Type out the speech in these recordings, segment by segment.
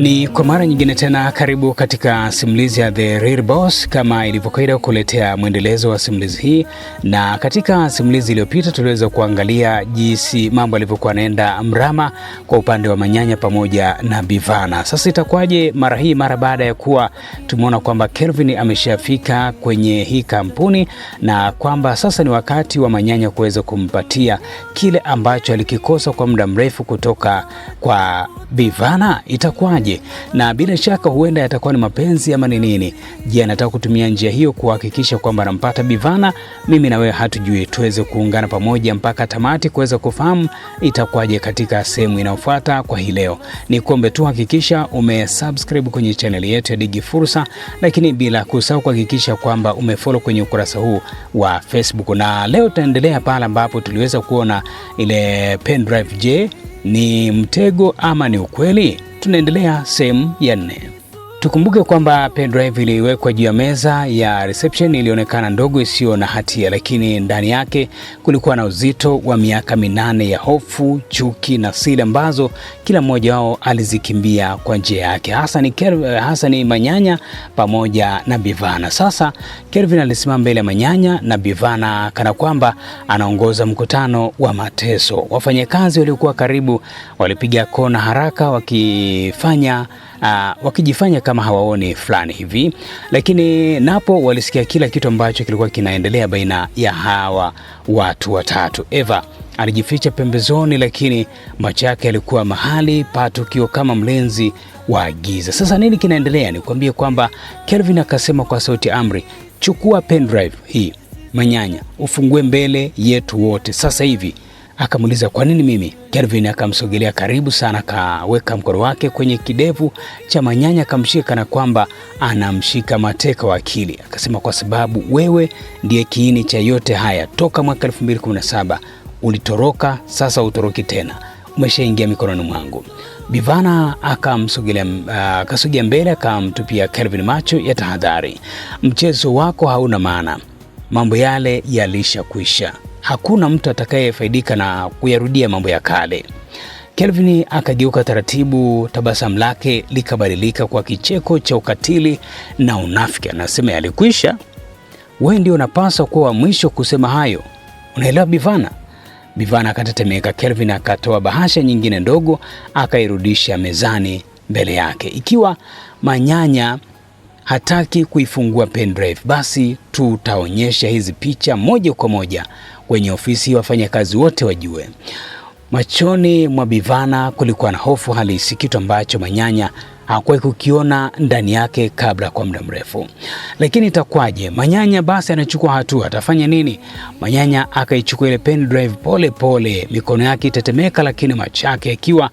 Ni kwa mara nyingine tena, karibu katika simulizi ya The Real Boss. Kama ilivyokaida kukuletea kuletea mwendelezo wa simulizi hii, na katika simulizi iliyopita tuliweza kuangalia jinsi mambo yalivyokuwa yanaenda mrama kwa upande wa Manyanya pamoja na Bivana. Sasa itakuwaje mara hii, mara baada ya kuwa tumeona kwamba Kelvin ameshafika kwenye hii kampuni na kwamba sasa ni wakati wa Manyanya kuweza kumpatia kile ambacho alikikosa kwa muda mrefu kutoka kwa Bivana, itakuwaje? aje, na bila shaka huenda yatakuwa ni mapenzi ama ni nini. Je, anataka kutumia njia hiyo kuhakikisha kwamba anampata Bivana? Mimi na wewe hatujui, tuweze kuungana pamoja mpaka tamati kuweza kufahamu itakuwaje katika sehemu inayofuata. Kwa hii leo ni kuombe tu hakikisha umesubscribe kwenye chaneli yetu ya Digi Fursa, lakini bila kusahau kuhakikisha kwamba umefollow kwenye ukurasa huu wa Facebook, na leo tutaendelea pale ambapo tuliweza kuona ile pendrive. Je, ni mtego ama ni ukweli? tunaendelea sehemu ya nne. Tukumbuke kwamba pendrive iliwekwa juu ya meza ya reception ilionekana ndogo isiyo na hatia, lakini ndani yake kulikuwa na uzito wa miaka minane ya hofu, chuki na siri ambazo kila mmoja wao alizikimbia kwa njia yake, hasa Hasani Manyanya pamoja na Bivana. Sasa Kelvin alisimama mbele ya Manyanya na Bivana kana kwamba anaongoza mkutano wa mateso. Wafanyakazi waliokuwa karibu walipiga kona haraka wakifanya uh, wakijifanya kama hawaoni fulani hivi, lakini napo walisikia kila kitu ambacho kilikuwa kinaendelea baina ya hawa watu watatu. Eva alijificha pembezoni, lakini macho yake yalikuwa mahali pa tukio kama mlinzi wa giza. Sasa nini kinaendelea? Ni kuambia kwamba Kelvin akasema kwa sauti amri, chukua pendrive hii manyanya, ufungue mbele yetu wote sasa hivi. Akamuuliza, kwa nini mimi? Kelvin akamsogelea karibu sana, akaweka mkono wake kwenye kidevu cha Manyanya akamshika kana kwamba anamshika mateka wa akili. Akasema, kwa sababu wewe ndiye kiini cha yote haya. Toka mwaka 2017 ulitoroka, sasa utoroki tena, umeshaingia mikononi mwangu. Bivana akamsogelea akasogea mbele, akamtupia Kelvin macho ya tahadhari. Mchezo wako hauna maana, mambo yale yalishakwisha hakuna mtu atakayefaidika na kuyarudia mambo ya kale. Kelvin akageuka taratibu, tabasamu lake likabadilika kwa kicheko cha ukatili na unafiki. Anasema, yalikwisha. Wewe ndio unapaswa kuwa wa mwisho kusema hayo, unaelewa Bivana? Bivana akatetemeka. Kelvin akatoa bahasha nyingine ndogo akairudisha mezani mbele yake. Ikiwa manyanya hataki kuifungua pendrive, basi tutaonyesha hizi picha moja kwa moja wenye ofisi, wafanyakazi wote wajue. Machoni mwa Bivana kulikuwa na hofu halisi, kitu ambacho Manyanya hakuwahi kukiona ndani yake kabla kwa muda mrefu. Lakini itakuwaje? Manyanya basi anachukua hatua, atafanya nini? Manyanya akaichukua ile pen drive pole pole, mikono yake itetemeka, lakini macho yake yakiwa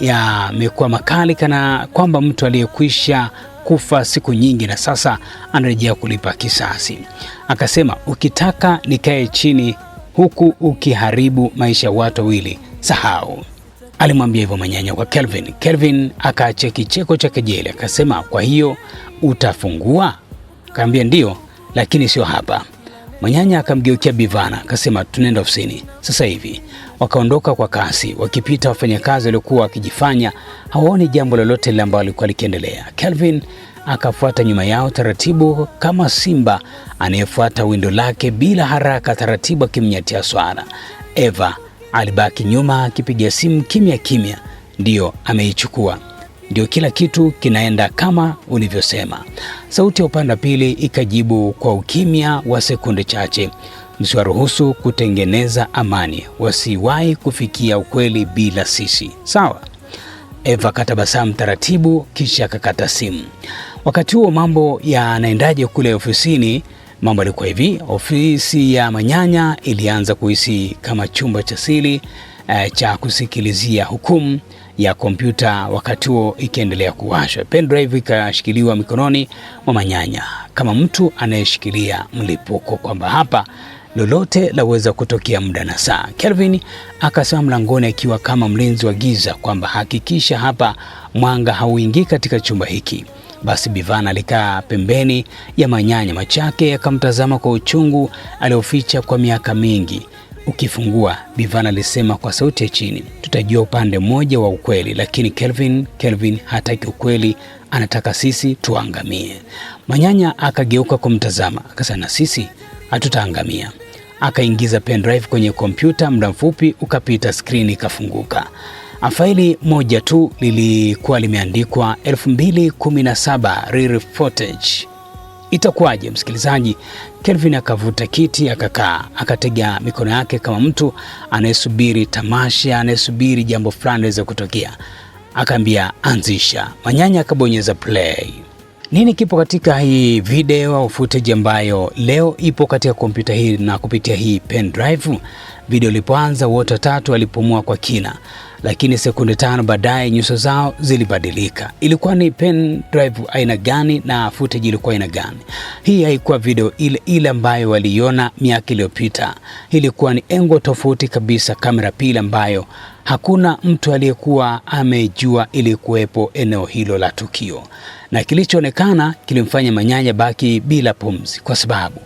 yamekuwa makali kana kwamba mtu aliyekwisha kufa siku nyingi na sasa anarejea kulipa kisasi. Akasema, ukitaka nikae chini huku ukiharibu maisha ya watu wawili, sahau. Alimwambia hivyo Manyanya kwa Kelvin. Kelvin akaacha kicheko cha kejeli akasema, kwa hiyo utafungua? Akaambia ndio lakini sio hapa. Manyanya akamgeukia Bivana akasema, tunaenda ofisini sasa hivi. Wakaondoka kwa kasi, wakipita wafanyakazi waliokuwa wakijifanya hawaoni jambo lolote lile ambalo likuwa likiendelea. Kelvin akafuata nyuma yao taratibu, kama simba anayefuata windo lake bila haraka, taratibu akimnyatia swara Eva alibaki nyuma akipiga simu kimya kimya, ndiyo ameichukua ndio kila kitu kinaenda kama ulivyosema. Sauti ya upande wa pili ikajibu kwa ukimya wa sekunde chache, msiwaruhusu kutengeneza amani, wasiwahi kufikia ukweli bila sisi. Sawa? Eva katabasamu taratibu, kisha akakata simu. Wakati huo mambo yanaendaje kule ofisini? Mambo yalikuwa hivi, ofisi ya Manyanya ilianza kuhisi kama chumba cha siri e, cha kusikilizia hukumu ya kompyuta, wakati huo ikiendelea kuwashwa. Pendrive ikashikiliwa mikononi mwa Manyanya kama mtu anayeshikilia mlipuko, kwamba hapa lolote laweza kutokea muda na saa. Kelvin akasema mlangoni akiwa kama mlinzi wa giza, kwamba hakikisha hapa mwanga hauingii katika chumba hiki. Basi Bivan alikaa pembeni ya manyanya machake akamtazama kwa uchungu alioficha kwa miaka mingi. Ukifungua, Bivan alisema kwa sauti ya chini, tutajua upande mmoja wa ukweli, lakini Kelvin, Kelvin hataki ukweli, anataka sisi tuangamie. Manyanya akageuka kumtazama akasema, na sisi hatutaangamia. Akaingiza pendrive kwenye kompyuta, muda mfupi ukapita, skrini ikafunguka. Faili moja tu lilikuwa limeandikwa 2017 rare footage. Itakuwaje msikilizaji? Kelvin akavuta kiti akakaa, akatega mikono yake kama mtu anayesubiri tamasha, anayesubiri jambo fulani liweze kutokea. Akaambia anzisha. Manyanya akabonyeza play. Nini kipo katika hii video au footage ambayo leo ipo katika kompyuta hii na kupitia hii pen drive? Video ilipoanza wote watatu walipumua kwa kina, lakini sekunde tano baadaye nyuso zao zilibadilika. Ilikuwa ni pen drive aina gani na footage ilikuwa aina gani? Hii haikuwa video ile ile ambayo waliiona miaka iliyopita, ilikuwa ni engo tofauti kabisa, kamera pili ambayo Hakuna mtu aliyekuwa amejua ilikuwepo eneo hilo la tukio, na kilichoonekana kilimfanya Manyanya baki bila pumzi, kwa sababu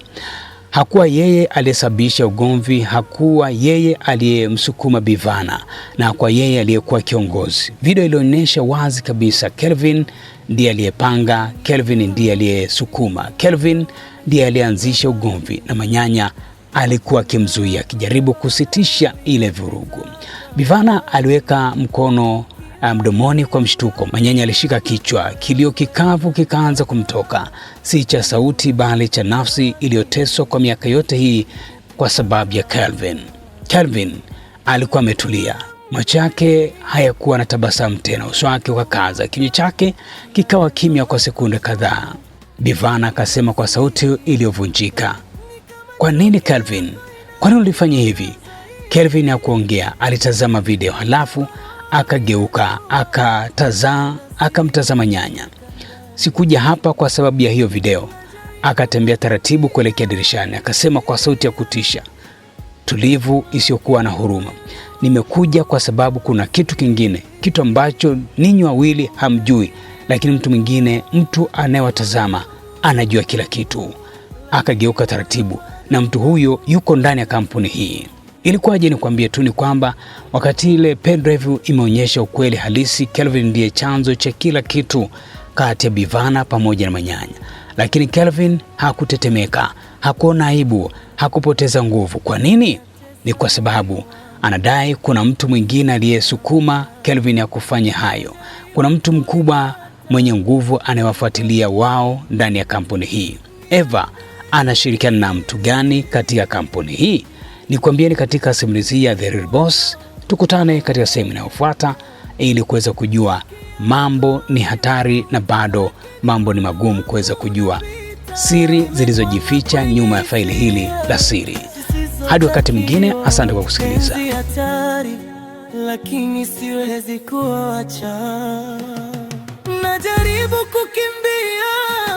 hakuwa yeye aliyesababisha ugomvi, hakuwa yeye aliyemsukuma Bivana na hakuwa yeye aliyekuwa kiongozi. Video ilionyesha wazi kabisa, Kelvin ndiye aliyepanga, Kelvin ndiye aliyesukuma, Kelvin ndiye aliyeanzisha ugomvi na Manyanya alikuwa akimzuia akijaribu kusitisha ile vurugu. Bivana aliweka mkono uh, mdomoni kwa mshtuko. Manyanya alishika kichwa, kilio kikavu kikaanza kumtoka, si cha sauti, bali cha nafsi iliyoteswa kwa miaka yote hii kwa sababu ya Calvin. Calvin alikuwa ametulia, macho yake hayakuwa na tabasamu tena, uso wake ukakaza, kinywa chake kikawa kimya kwa sekunde kadhaa. Bivana akasema kwa sauti iliyovunjika, kwa nini calvin kwa nini ulifanya hivi? Calvin hakuongea, alitazama video, halafu akageuka akatazaa, akamtazama nyanya. Sikuja hapa kwa sababu ya hiyo video. Akatembea taratibu kuelekea dirishani, akasema kwa sauti ya kutisha, tulivu, isiyokuwa na huruma, nimekuja kwa sababu kuna kitu kingine, kitu ambacho ninyi wawili hamjui, lakini mtu mwingine, mtu anayewatazama anajua kila kitu. Akageuka taratibu na mtu huyo yuko ndani ya kampuni hii. Ilikuwaje? Nikwambie tu ni kwamba wakati ile pendrive imeonyesha ukweli halisi, Kelvin ndiye chanzo cha kila kitu kati ya Bivana pamoja na Manyanya, lakini Kelvin hakutetemeka, hakuona aibu, hakupoteza nguvu. Kwa nini? Ni kwa sababu anadai kuna mtu mwingine aliyesukuma Kelvin ya kufanya hayo. Kuna mtu mkubwa mwenye nguvu anayewafuatilia wao ndani ya kampuni hii. Eva anashirikiana na mtu gani katika kampuni hii? Ni kuambieni katika simulizi hii ya The Real Boss. Tukutane katika sehemu inayofuata ili kuweza kujua mambo ni hatari na bado mambo ni magumu kuweza kujua siri zilizojificha nyuma ya faili hili la siri. Hadi wakati mwingine, asante kwa kusikiliza. Lakini siwezi kuacha, najaribu kukimbia